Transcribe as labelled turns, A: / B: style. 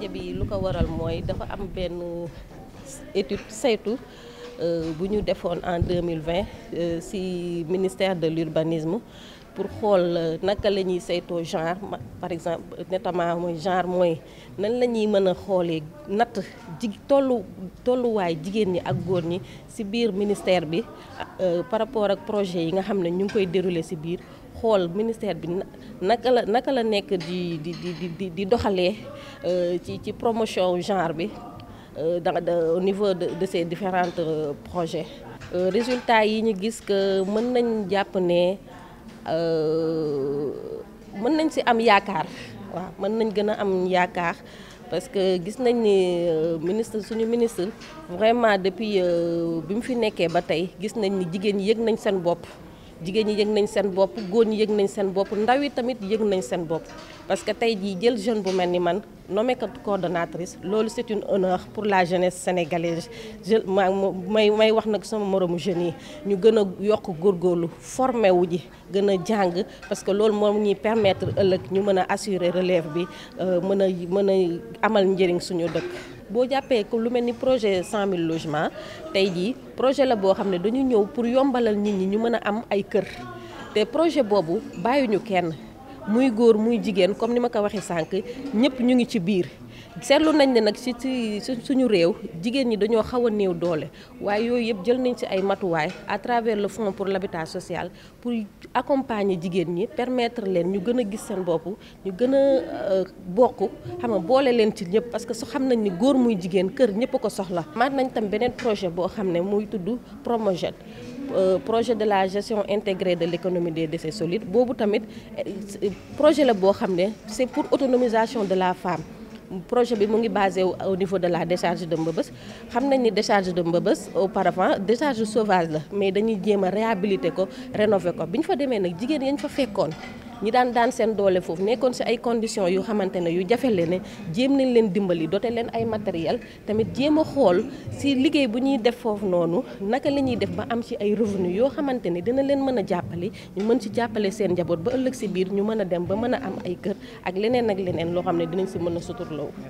A: daje bi lu ko waral mooy dafa am benn étude saytu euh, bu ñu defoon en 2020 euh, si ministère de l'urbanisme pour xool euh, naka la ñuy saytoo genre par exemple notamment mooy genre mooy nan la ñuy mën a xoolee natt ji tollu tolluwaay jigéen ñi ak góor ñi si biir ministère bi par rapport ak projet yi nga xam ne ñu ngi koy dérouler si biir xool ministère bi naka la naka la nekk di di di di di doxalee euh, ci ci promotion genre bi euh, dans au niveau de de ces différents euh, projet résultats yi ñu gis que mën nañ jàpp ne mën nañ si am yaakaar waaw mën nañ gën a am yaakaar. parce que gis nañ ni ministre suñu ministre vraiment depuis bi mu fi nekkee ba tey gis nañ ni jigéen ñi yëg nañ seen bopp jigéen ñi yëg nañ seen bopp góor ñi yëg nañ seen bopp ndaw yi tamit yëg nañ seen bopp parce que tey jii jël jeune bu mel ni man nommé ko coordonnatrice loolu c'est une honneur pour la jeunesse sénégalaise je may may wax nag sama moroomu jeunes yi ñu gën a yokk góorgóorlu formé wu ji gën a jàng parce que loolu moom ñuy permettre ëllëg ñu mën a assurer relève bi euh, mën a mën a amal njëriñ suñu dëkk boo jàppee ko lu mel ni projet 100000 logements tey jii projet la boo xam ne dañu ñëw pour yombalal nit ñi ñu mën a am ay kër te projet boobu bàyyiñu kenn. muy góor muy jigéen comme ni ma ko waxee sànq ñëpp ñu ngi ci biir seetlu nañ ne nag ci ci suñu réew jigéen ñi dañoo xaw a néew doole waaye yooyu yëpp jël nañ ci ay matuwaay à travers le fonds pour l'habitat social pour accompagner jigéen ñi permettre leen ñu gën a gis seen bopp ñu gën a euh, bokk xam nga boole leen ci ñëpp parce que su xam nañ ni góor muy jigéen kër ñëpp a ko soxla. maat nañ tam beneen projet boo xam ne muy tudd Promoged Euh, projet de la gestion intégrée de l'économie des déchets solides Bobu tamit projet la bo c'est pour autonomisation de la femme projet bi mo ngi basé au niveau de la décharge de Mbeubeuss xam ni décharge de Mbeubeuss auparavant décharge sauvage mais dañuy jéem réhabiliter ko rénover ko Biñ fa démé nak jigen yañ fa fekkone ñi daan daan seen doole foofu nekkoon si ay conditions yu xamante ne yu jafe la ne jéem nañ leen dimbali dote leen ay matériel tamit jéem a xool si liggéey bu ñuy def foofu noonu naka la ñuy def ba am ci ay revenu yoo xamante ne dina leen mën a jàppale ñu mën ci jàppale seen njaboot ba ëllëg si biir ñu mën a dem ba mën a am ay kër ak leneen ak leneen loo xam ne dinañ si mën a suturloo